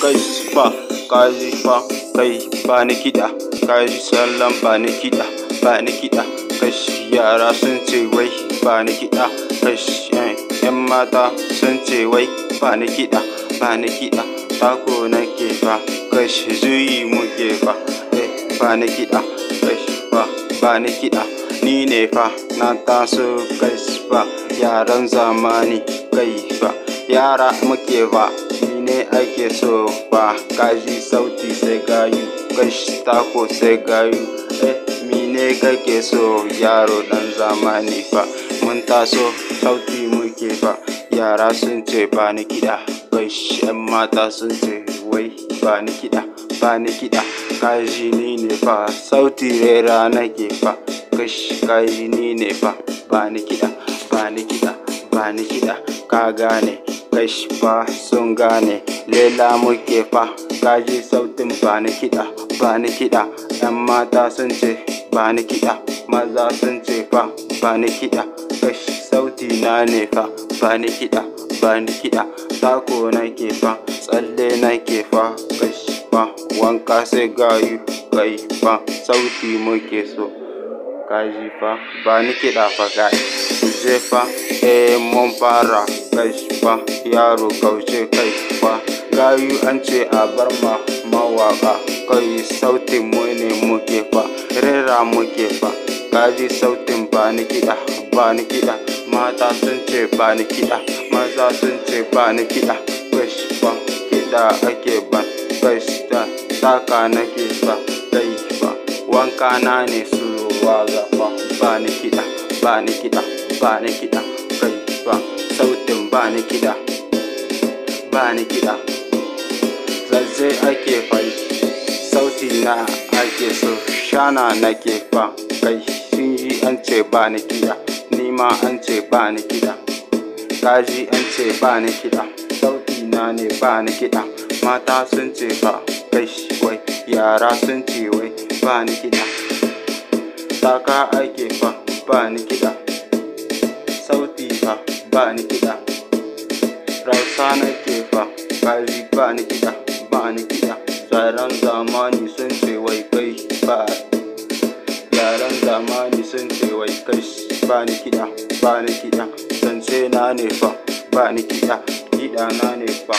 kai fa kaji ji fa kai ba ni kida ka sallan ba ni kida ba ni kiɗa kashi yara sun ce wai ba ni kida kai yan eh, mata sun ce wai ba ni kida ba ni kiɗa tako nake fa kai zuyi mu eh, fa ba ni kiɗa kashi fa ba ni kida ni ne fa na taso kai fa yaran zamani kai fa yara muke fa ne ake so ba kaji sauti sai gayu kashi tako sai gayu eh ne kake so yaro dan zamani fa mun taso sauti muke fa yara sun ce ba ni kiɗa kashi yan mata sun ce wai ba ni kiɗa ba ni kiɗa kaji ni ne fa sauti rera nake fa kashi kaji ni ne fa ba ni kiɗa ba ni kiɗa ba ni kiɗa ka gane kashi fa sun gane lela muke fa kaji sautin ba ni kiɗa ba ni kiɗa yan mata sun ce ba ni kiɗa maza sun ce fa ba ni kiɗa kashi sauti na ne fa ba ni kiɗa ba ni kiɗa tako ke fa tsalle na ke fa kashi fa wanka sai gayu kai fa sauti muke so kaji fa ba ni da fa kai je fa eh mun fara kai fa yaro kauce kai fa gayu an ce a bar ma mawaka kai sautin mu ne muke fa rera muke fa kaji sautin ba ni da ba ni da mata sun ce ba ni da maza sun ce ba ni da kai fa kiɗa ake ban kai ta saka nake sa kai fa wanka na ne su ba zafa ba ni kiɗa ba ni kiɗa ba ni kai ba sautin ba ni kiɗa ba ni ake fari sauti na ake so shana nake fa kai sun yi an ce ba ni ma an ce ba ni kiɗa kaji an ce ba ni kiɗa sauti na ne ba ni mata sun ce ba kai wai yara sun ce wai ba ni saka ake fa ba ni kiɗa, sauti fa ba ni kiɗa. Rausa ke fa ƙari ba ni kiɗa, ba ni kiɗa. Yaran zamani sun ce wai kai ba Yaran zamani sun ce wai kai ba ni kiɗa, ba ni kiɗa. Zance na ne fa ba ni kiɗa, kiɗa na ne fa.